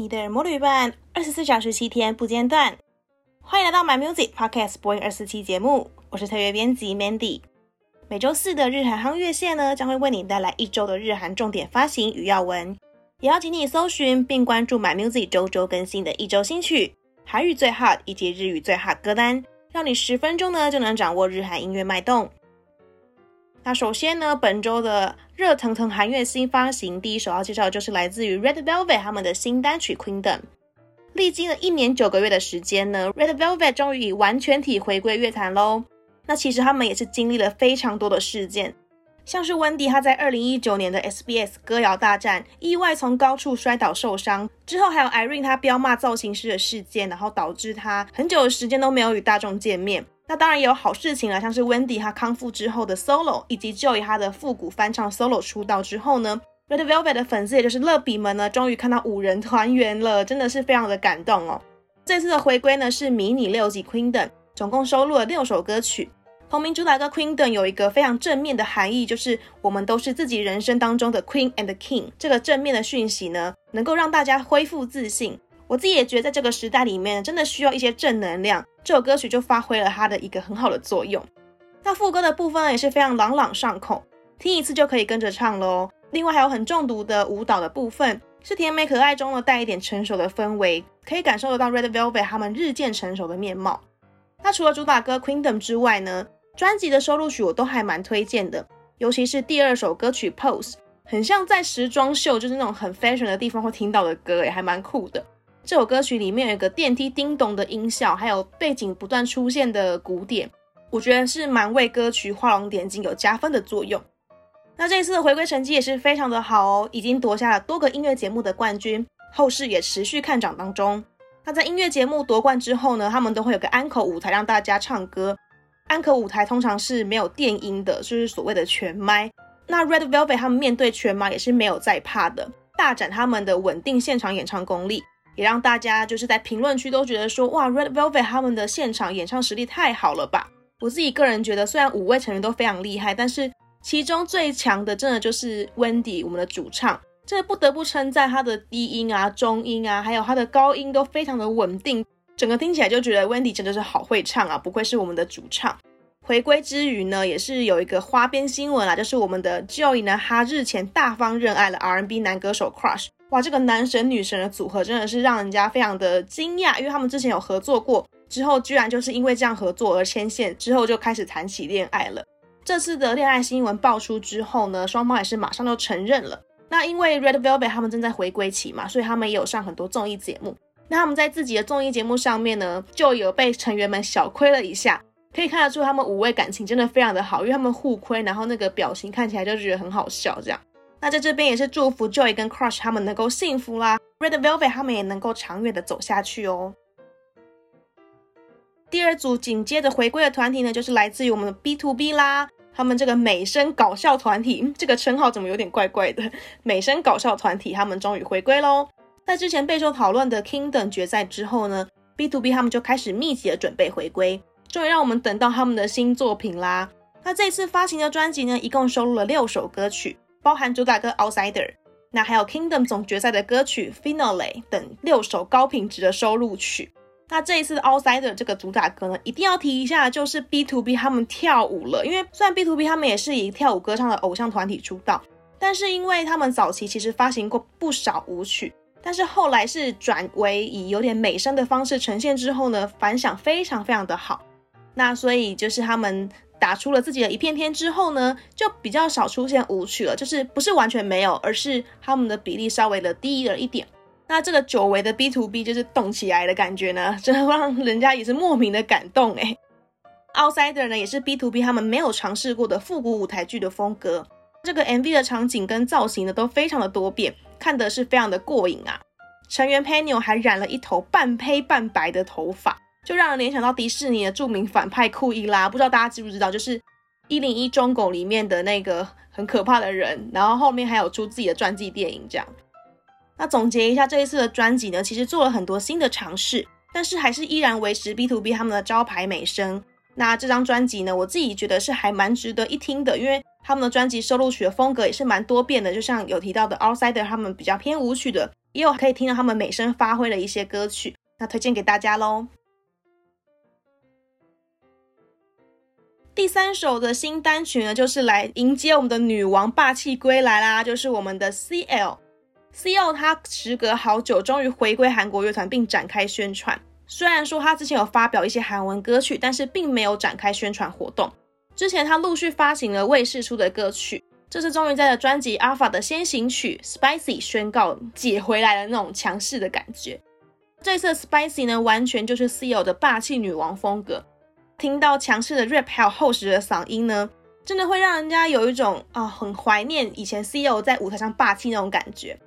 你的耳膜旅伴，二十四小時七天不間斷。歡迎來到 My Music Podcast Boy 二十四期節目，我是特約編輯 Mandy。每週四的日韓夯樂線呢，將會為你帶來一週的日韓重點發行與要聞。也要請你搜尋並關注 My Music 週週更新的一週新曲、韓語最 hot 以及日語最 hot 歌單，讓你十分鐘呢就能掌握日韓音樂脈動。那首先呢，本周的熱騰騰韓樂新發行，第一首要介紹的就是來自於 Red Velvet 他們的新單曲《Queendom》。歷經了一年九個月的時間呢，Red Velvet 終於以完全體回歸樂壇嘍。那其實他們也是經歷了非常多的事件，像是 Wendy 他在2019年的 SBS 歌謠大戰意外從高處摔倒受傷之後，還有 Irene 他飆罵造型師的事件，然後導致他很久的時間都沒有與大眾見面。那當然也有好事情啦，像是 Wendy 她康復之後的 solo，以及 Joy 她的復古翻唱 solo 出道之後呢，Red Velvet 的粉絲也就是樂比們呢，終於看到五人團圓了，真的是非常的感動哦。這次的回歸呢是迷你六輯 Queendom，總共收錄了六首歌曲。同名主打歌 Queendom 有一個非常正面的含義，就是我們都是自己人生當中的 Queen and the King。這個正面的訊息呢，能夠讓大家恢復自信。我自己也覺得，在這個時代裡面，真的需要一些正能量。這首歌曲就發揮了它的一個很好的作用。那副歌的部分呢也是非常朗朗上口，聽一次就可以跟着唱嘍。另外還有很中毒的舞蹈的部分，是甜美可愛中呢帶一點成熟的氛圍，可以感受得到 Red Velvet 他們日漸成熟的面貌。那除了主打歌 Kingdom 之外呢，專輯的收錄曲我都還蠻推薦的，尤其是第二首歌曲 Pose，很像在時裝秀，就是那種很 fashion 的地方會聽到的歌，也還蠻酷的。這首歌曲裡面有一個電梯叮咚的音效，還有背景不斷出現的鼓點，我覺得是蠻為歌曲畫龍點睛，有加分的作用。那這一次的回歸成績也是非常的好哦，已經奪下了多個音樂節目的冠軍，後勢也持續看漲當中。那在音樂節目奪冠之後呢，他們都會有個安可舞台讓大家唱歌。嗯、安可舞台通常是沒有電音的，就是所謂的全麥。那 Red Velvet 他們面對全麥也是沒有在怕的，大展他們的穩定現場演唱功力。也讓大家就是在評論區都覺得說，哇，Red Velvet 他們的現場演唱實力太好了吧！我自己個人覺得，雖然五位成員都非常厲害，但是其中最強的真的就是 Wendy 我們的主唱。這不得不稱讚她的低音啊、中音啊，還有她的高音都非常的穩定，整個聽起來就覺得 Wendy 真的是好會唱啊，不愧是我們的主唱。回歸之餘呢，也是有一個花邊新聞啊，就是我們的 Joy 呢，她日前大方認愛了 R&B 男歌手 Crush。哇，這個男神女神的組合真的是讓人家非常的驚訝，因為他們之前有合作過，之後居然就是因為這樣合作而牽線，之後就開始談起戀愛了。這次的戀愛新聞爆出之後呢，雙方也是馬上就承認了。那因為 Red Velvet 他們正在回歸期嘛，所以他們也有上很多綜藝節目。那他們在自己的綜藝節目上面呢，就有被成員們小虧了一下，可以看得出他們五位感情真的非常的好，因為他們互虧，然後那個表情看起來就覺得很好笑這樣。那在這邊也是祝福 Joy 跟 Crush 他們能夠幸福啦，Red Velvet 他們也能夠長遠的走下去哦。第二組緊接着回歸的團體呢，就是來自於我們的 BTOB 啦，他們這個美聲搞笑團體，這個稱號怎麼有點怪怪的？美聲搞笑團體，他們終於回歸嘍！在之前備受討論的 Kingdom 決賽之後呢，BTOB 他們就開始密集的準備回歸，終於讓我們等到他們的新作品啦。那這次發行的專輯呢，一共收錄了六首歌曲。包含主打歌 Outsider，那還有 Kingdom 總決賽的歌曲 Finale 等六首高品質的收錄曲。那這一次 Outsider 這個主打歌呢，一定要提一下，就是 BTOB 他們跳舞了。因為雖然 BTOB 他們也是以跳舞歌唱的偶像團體出道，但是因為他們早期其實發行過不少舞曲，但是後來是轉為以有點美聲的方式呈現之後呢，反響非常非常的好。那所以就是他們。打出了自己的一片天之後呢，就比較少出現舞曲了，就是不是完全沒有，而是他們的比例稍微的低了一點。那這個久違的 BTOB 就是動起來的感覺呢，真的讓人家也是莫名的感動哎、欸。Outsider 呢也是 BTOB 他們沒有嘗試過的復古舞台劇的風格，這個 MV 的場景跟造型呢都非常的多變，看得是非常的過癮啊。成員 Peniel 還染了一頭半黑半白的頭髮。就讓人聯想到迪士尼的著名反派庫伊拉，不知道大家知不知道，就是《一零一忠狗》裡面的那個很可怕的人。然後後面還有出自己的傳記電影這樣。那總結一下這一次的專輯呢，其實做了很多新的嘗試，但是還是依然維持 BTOB 他們的招牌美聲。那這張專輯呢，我自己覺得是還蠻值得一聽的，因為他們的專輯收錄曲的風格也是蠻多變的，就像有提到的 Outsider 他們比較偏舞曲的，也有可以聽到他們美聲發揮的一些歌曲。那推薦給大家嘍。第三首的新單曲呢，就是來迎接我們的女王霸氣歸來啦！就是我們的 C L C L，他時隔好久終於回歸韓國樂團，並展開宣傳。雖然說他之前有發表一些韓文歌曲，但是並沒有展開宣傳活動。之前他陸續發行了未釋出的歌曲，這次終於在了專輯《Alpha》的先行曲《Spicy》宣告姐回來的那種強勢的感覺。這次《Spicy》呢，完全就是 C L 的霸氣女王風格。聽到強勢的 rap 還有厚實的嗓音呢，真的會讓人家有一種啊，很懷念以前 CL 在舞台上霸氣那種感覺。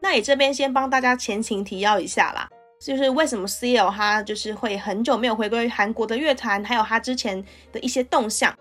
那也這邊先幫大家前情提要一下啦，就是為什麼 CL 他就是會很久沒有回歸韓國的樂壇，還有他之前的一些動向。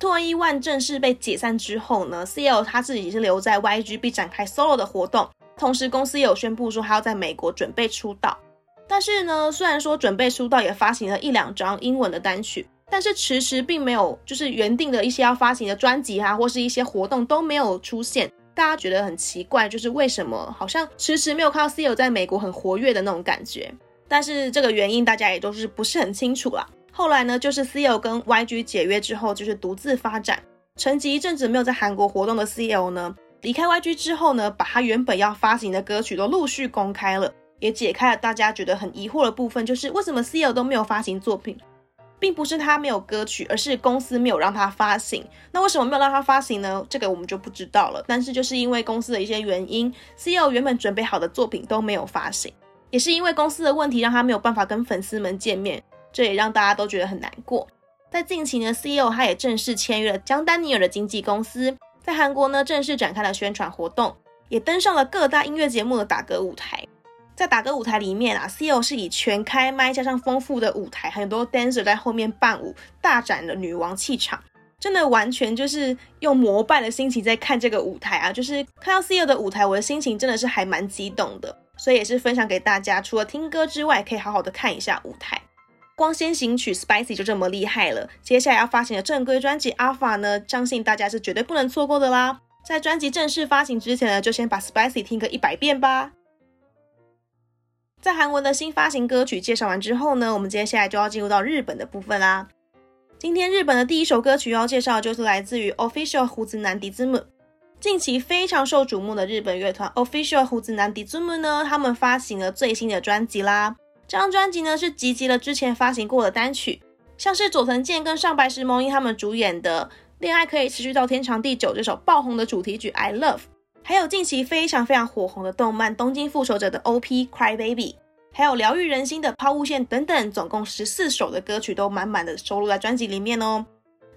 2NE1 正式被解散之後呢，CL 他自己是留在 YG B 展開 solo 的活動，同時公司也有宣布說他要在美國準備出道。但是呢，雖然說準備出道也發行了一兩張英文的單曲，但是遲遲並沒有就是原定的一些要發行的專輯哈、啊，或是一些活動都沒有出現，大家覺得很奇怪，就是為什麼好像遲遲沒有看到 CL 在美國很活躍的那種感覺，但是這個原因大家也都是不是很清楚啦。後來呢，就是 CL 跟 YG 解約之後，就是獨自發展，沉寂一陣子沒有在韓國活動的 CL 呢，離開 YG 之後呢，把他原本要發行的歌曲都陸續公開了。也解開了大家覺得很疑惑的部分，就是為什麼 CL 都沒有發行作品，並不是他沒有歌曲，而是公司沒有讓他發行。那為什麼沒有讓他發行呢？這個我們就不知道了。但是就是因為公司的一些原因，CL 原本準備好的作品都沒有發行，也是因為公司的問題，讓他沒有辦法跟粉絲們見面，這也讓大家都覺得很難過。在近期呢，CL 他也正式簽約了姜丹尼爾的經紀公司，在韓國呢正式展開了宣傳活動，也登上了各大音樂節目的打歌舞台。在打歌舞台裡面啊，CL 是以全開麥加上豐富的舞台，很多 dancer 在後面伴舞，大展了女王氣場，真的完全就是用膜拜的心情在看這個舞台啊！就是看到 CL 的舞台，我的心情真的是還蠻激動的，所以也是分享給大家，除了聽歌之外，可以好好的看一下舞台。光先行曲 Spicy 就這麼厲害了，接下來要發行的正規專輯 Alpha 呢，相信大家是絕對不能錯過的啦！在專輯正式發行之前呢，就先把 Spicy 聽個一百遍吧。在韓文的新發行歌曲介紹完之後呢，我們接下來就要進入到日本的部分啦。今天日本的第一首歌曲要介紹的就是來自於 Official 鬍子男 dism。近期非常受矚目的日本樂團 Official 鬍子男 dism 呢，他們發行了最新的專輯啦。這張專輯呢是集結了之前發行過的單曲，像是佐藤健跟上白石萌音他們主演的《戀愛可以持續到天長地久》這首爆紅的主題曲 I Love。還有近期非常非常火紅的動漫《東京復仇者》的 OP《Cry Baby》，還有療癒人心的拋物線等等，總共十四首的歌曲都滿滿的收錄在專輯裡面哦。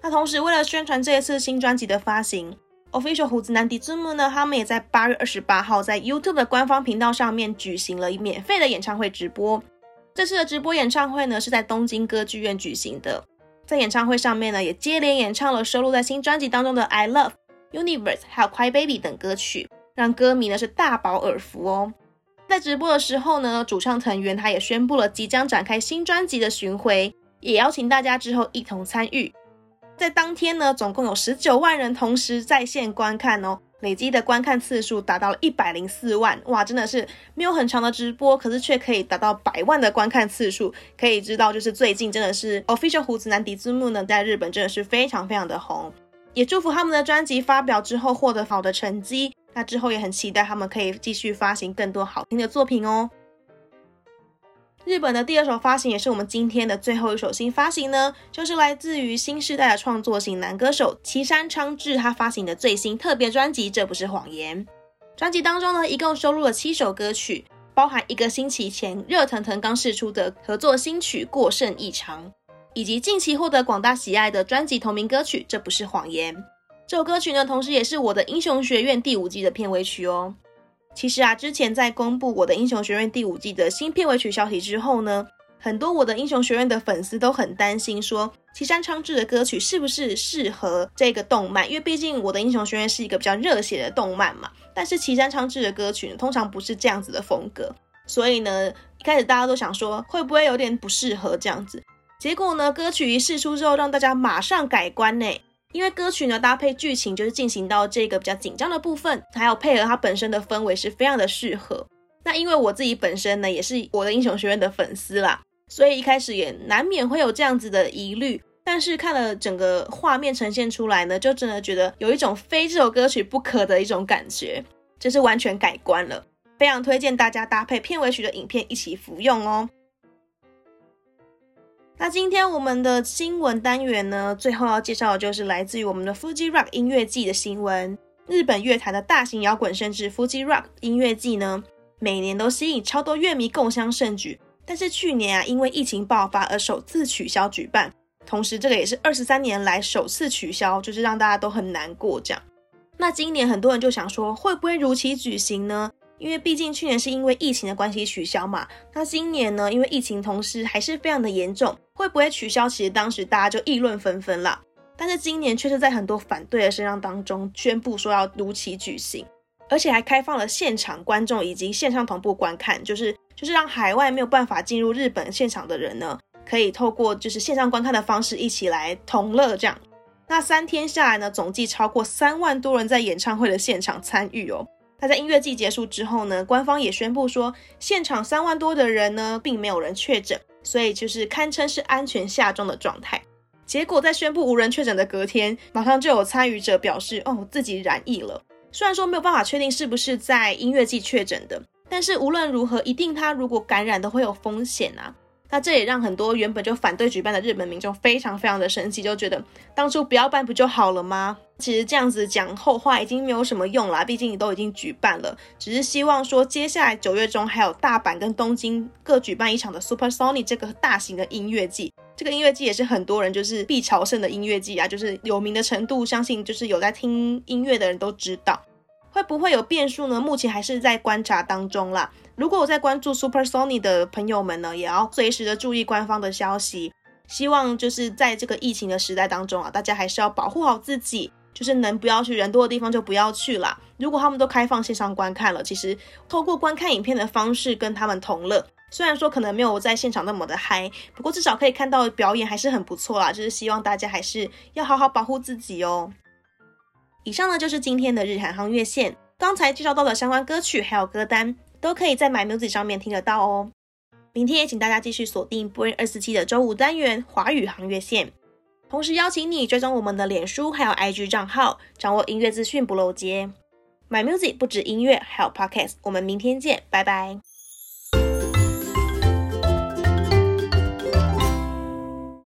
那同時，為了宣傳這一次新專輯的發行 ，Official 胡子男 dism 呢，他們也在八月二十八號在 YouTube 的官方頻道上面舉行了免費的演唱會直播。這次的直播演唱會呢，是在東京歌劇院舉行的，在演唱會上面呢，也接連演唱了收錄在新專輯當中的《I Love》。Universe，還有《Cry Baby》等歌曲，讓歌迷呢是大飽耳福哦。在直播的時候呢，主唱成員他也宣布了即將展開新專輯的巡迴，也邀請大家之後一同參與。在當天呢，總共有十九萬人同時在線觀看哦，累積的觀看次數達到了一百零四萬哇！真的是沒有很長的直播，可是卻可以達到百萬的觀看次數，可以知道就是最近真的是 Official 胡子男迪之木呢，在日本真的是非常非常的紅。也祝福他們的專輯發表之後獲得好的成績。那之後也很期待他們可以繼續發行更多好聽的作品哦。日本的第二首發行也是我們今天的最後一首新發行呢，就是來自於新世代的創作型男歌手崎山蒼志，他發行的最新特別專輯《這不是謊言》。專輯當中呢，一共收錄了七首歌曲，包含一個星期前熱騰騰剛釋出的合作新曲《過剩異常》。以及近期獲得廣大喜愛的專輯同名歌曲《這不是謊言》這首歌曲呢，同時也是我的《英雄學院》第五季的片尾曲哦。其實啊，之前在公布我的《英雄學院》第五季的新片尾曲消息之後呢，很多我的《英雄學院》的粉絲都很擔心說，說崎山蒼志的歌曲是不是適合這個動漫？因為畢竟我的《英雄學院》是一個比較熱血的動漫嘛。但是崎山蒼志的歌曲呢，通常不是這樣子的風格，所以呢，一開始大家都想說會不會有點不適合這樣子。結果呢？歌曲一試出之後，讓大家馬上改觀呢。因為歌曲呢，搭配劇情，就是進行到這個比較緊張的部分，還有配合它本身的氛圍，是非常的適合。那因為我自己本身呢也是我的英雄學院的粉絲啦，所以一開始也難免會有這樣子的疑慮。但是看了整個畫面呈現出來呢，就真的覺得有一種非這首歌曲不可的一種感覺，就是完全改觀了。非常推薦大家搭配片尾曲的影片一起服用哦。那今天我們的新聞單元呢，最後要介紹的就是來自於我們的 Fuji Rock 音樂祭的新聞。日本樂壇的大型搖滾盛事 Fuji Rock 音樂祭呢，每年都吸引超多樂迷共襄盛舉。但是去年啊，因為疫情爆發而首次取消舉辦，同時這個也是二十三年來首次取消，就是讓大家都很難過這樣。那今年很多人就想說，會不會如期舉行呢？因為畢竟去年是因為疫情的關係取消嘛。那今年呢，因為疫情同時還是非常的嚴重。會不會取消？其實當時大家就議論紛紛了，但是今年卻是在很多反對的聲浪當中宣布說要如期舉行，而且還開放了現場觀眾以及線上同步觀看，就是就是讓海外沒有辦法進入日本現場的人呢，可以透過就是線上觀看的方式一起來同樂這樣。那三天下來呢，總計超過三萬多人在演唱會的現場參與哦。那在音樂祭結束之後呢，官方也宣布說，現場三萬多的人呢，並沒有人確診。所以就是堪稱是安全下莊的狀態。結果在宣布無人確診的隔天，馬上就有參與者表示：“哦，我自己染疫了。”雖然說沒有辦法確定是不是在音樂祭確診的，但是無論如何，一定他如果感染都會有風險啊。那這也讓很多原本就反對舉辦的日本民眾非常非常的生氣，就覺得當初不要辦不就好了嗎？其實這樣子講後話已經沒有什麼用啦，畢竟你都已經舉辦了，只是希望說接下來九月中還有大阪跟東京各舉辦一場的 Summer Sonic 這個大型的音樂祭，這個音樂祭也是很多人就是必朝聖的音樂祭啊，就是有名的程度，相信就是有在聽音樂的人都知道，會不會有變數呢？目前還是在觀察當中啦。如果我在關注 Summer Sonic 的朋友們呢，也要隨時的注意官方的消息。希望就是在這個疫情的時代當中啊，大家還是要保護好自己，就是能不要去人多的地方就不要去啦。如果他們都開放線上觀看了，其實透過觀看影片的方式跟他們同樂。雖然說可能沒有在現場那麼的嗨，不過至少可以看到表演還是很不錯啦。就是希望大家還是要好好保護自己哦。以上呢就是今天的日韓夯樂線，剛才介紹到的相關歌曲還有歌單。都可以在 My Music 上面聽得到哦。明天也請大家繼續鎖定247的周五單元華語夯樂線，同時邀請你追蹤我們的臉書還有 IG 賬號，掌握音樂資訊不漏接。My Music 不只音樂，還有 Podcast。我們明天見，拜拜。